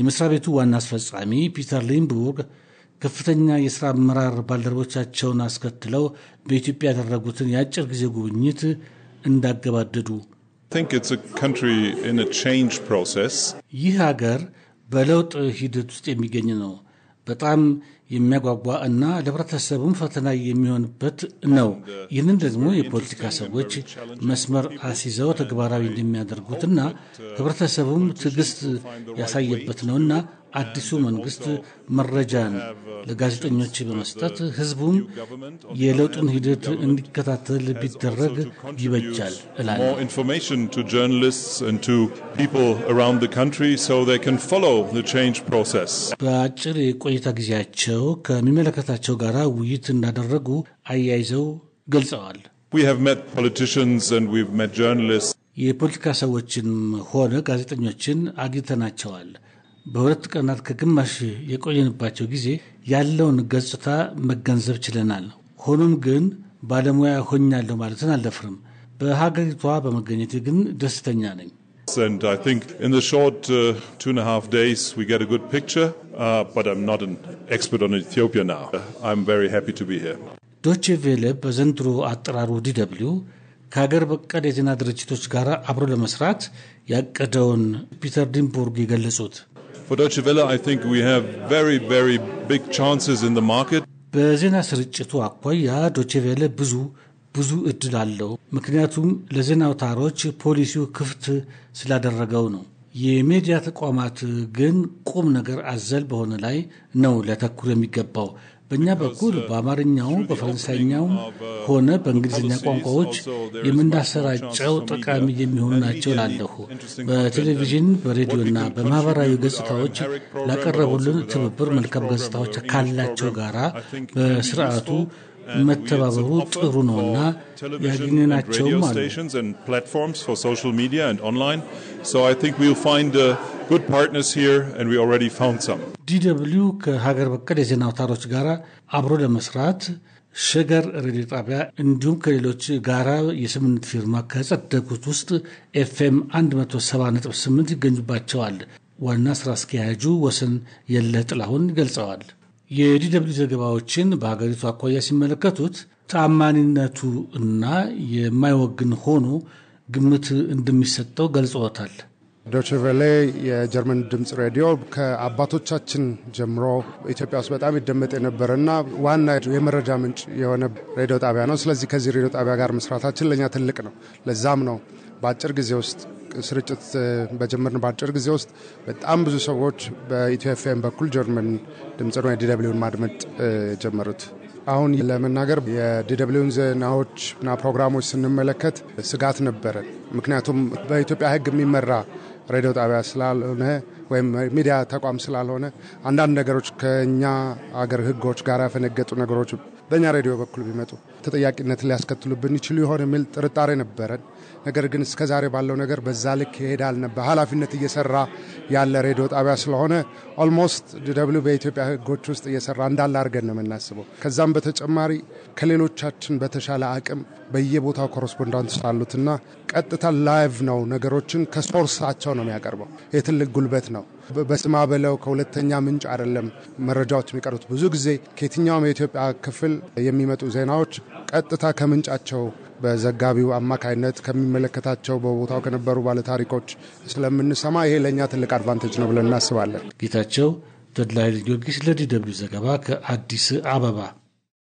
የመስሪያ ቤቱ ዋና አስፈጻሚ ፒተር ሊምቡርግ ከፍተኛ የሥራ አመራር ባልደረቦቻቸውን አስከትለው በኢትዮጵያ ያደረጉትን የአጭር ጊዜ ጉብኝት እንዳገባደዱ ይህ ሀገር በለውጥ ሂደት ውስጥ የሚገኝ ነው። በጣም የሚያጓጓ እና ለህብረተሰቡም ፈተና የሚሆንበት ነው። ይህንን ደግሞ የፖለቲካ ሰዎች መስመር አስይዘው ተግባራዊ እንደሚያደርጉትና ህብረተሰቡም ትዕግስት ያሳየበት ነውና አዲሱ መንግስት መረጃን ለጋዜጠኞች በመስጠት ህዝቡም የለውጡን ሂደት እንዲከታተል ቢደረግ ይበጃል እላለሁ። በአጭር የቆይታ ጊዜያቸው ተወያይተው ከሚመለከታቸው ጋር ውይይት እንዳደረጉ አያይዘው ገልጸዋል። የፖለቲካ ሰዎችን ሆነ ጋዜጠኞችን አግኝተናቸዋል። በሁለት ቀናት ከግማሽ የቆየንባቸው ጊዜ ያለውን ገጽታ መገንዘብ ችለናል። ሆኖም ግን ባለሙያ ሆኛለሁ ማለትን አልደፍርም። በሀገሪቷ በመገኘት ግን ደስተኛ ነኝ። results. And I think in the short uh, two and a half days, we get a good picture. Uh, but I'm not an expert on Ethiopia now. I'm very happy to be here. ዶች ቬለ በዘንድሮ አጠራሩ ዲደብልዩ ከሀገር በቀል የዜና ድርጅቶች ጋር አብሮ ለመስራት ያቀደውን ፒተር ዲምቡርግ የገለጹት For Deutsche Welle, I think we have very, very big chances in the market. በዜና ስርጭቱ አኳያ ዶቼ ቬለ ብዙ ብዙ እድል አለው። ምክንያቱም ለዜና አውታሮች ፖሊሲው ክፍት ስላደረገው ነው። የሚዲያ ተቋማት ግን ቁም ነገር አዘል በሆነ ላይ ነው ሊያተኩር የሚገባው። በእኛ በኩል በአማርኛው በፈረንሳይኛው ሆነ በእንግሊዝኛ ቋንቋዎች የምናሰራጨው ጠቃሚ የሚሆኑ ናቸው ላለሁ በቴሌቪዥን በሬዲዮና በማህበራዊ ገጽታዎች ላቀረቡልን ትብብር መልካም ገጽታዎች ካላቸው ጋራ በስርዓቱ መተባበሩ ጥሩ ነውና ያገኘናቸውም አሉ። uh, ዲደብሊው ከሀገር በቀል የዜና አውታሮች ጋር አብሮ ለመስራት ሸገር ሬዲዮ ጣቢያ እንዲሁም ከሌሎች ጋራ የስምምነት ፊርማ ከጸደቁት ውስጥ ኤፍኤም 178 ይገኙባቸዋል። ዋና ስራ አስኪያጁ ወሰን የለ ጥላሁን ገልጸዋል። የዲደብሊው ዘገባዎችን በሀገሪቱ አኳያ ሲመለከቱት ተአማኒነቱ እና የማይወግን ሆኖ ግምት እንደሚሰጠው ገልጸወታል። ዶችቬሌ የጀርመን ድምፅ ሬዲዮ ከአባቶቻችን ጀምሮ ኢትዮጵያ ውስጥ በጣም ይደመጥ እና ዋና የመረጃ ምንጭ የሆነ ሬዲዮ ጣቢያ ነው። ስለዚህ ከዚህ ሬዲዮ ጣቢያ ጋር መስራታችን ለእኛ ትልቅ ነው። ለዛም ነው በአጭር ጊዜ ውስጥ ስርጭት በጀመርን በአጭር ጊዜ ውስጥ በጣም ብዙ ሰዎች በኢትዮ በኩል ጀርመን ድምፅና የዲደብሊውን ማድመጥ ጀመሩት አሁን ለመናገር የዲደብሊውን ዜናዎችና ፕሮግራሞች ስንመለከት ስጋት ነበረ። ምክንያቱም በኢትዮጵያ ሕግ የሚመራ ሬዲዮ ጣቢያ ስላልሆነ ወይም ሚዲያ ተቋም ስላልሆነ አንዳንድ ነገሮች ከእኛ አገር ህጎች ጋር ያፈነገጡ ነገሮች በእኛ ሬዲዮ በኩል ቢመጡ ተጠያቂነት ሊያስከትሉብን ይችሉ ይሆን የሚል ጥርጣሬ ነበረን። ነገር ግን እስከዛሬ ባለው ነገር በዛ ልክ ይሄዳል ነበር። ኃላፊነት እየሰራ ያለ ሬዲዮ ጣቢያ ስለሆነ ኦልሞስት ዲደብሊው በኢትዮጵያ ህጎች ውስጥ እየሰራ እንዳለ አድርገን ነው የምናስበው። ከዛም በተጨማሪ ከሌሎቻችን በተሻለ አቅም በየቦታው ኮረስፖንዳንት አሉትና ቀጥታ ላይቭ ነው ነገሮችን ከሶርሳቸው ነው የሚያቀርበው። የትልቅ ጉልበት ነው። ነው። በስማ በለው ከሁለተኛ ምንጭ አይደለም መረጃዎች የሚቀርቡት። ብዙ ጊዜ ከየትኛውም የኢትዮጵያ ክፍል የሚመጡ ዜናዎች ቀጥታ ከምንጫቸው በዘጋቢው አማካይነት ከሚመለከታቸው በቦታው ከነበሩ ባለታሪኮች ስለምንሰማ ይሄ ለእኛ ትልቅ አድቫንቴጅ ነው ብለን እናስባለን። ጌታቸው ተድላ ጊዮርጊስ ለዲ ደብልዩ ዘገባ ከአዲስ አበባ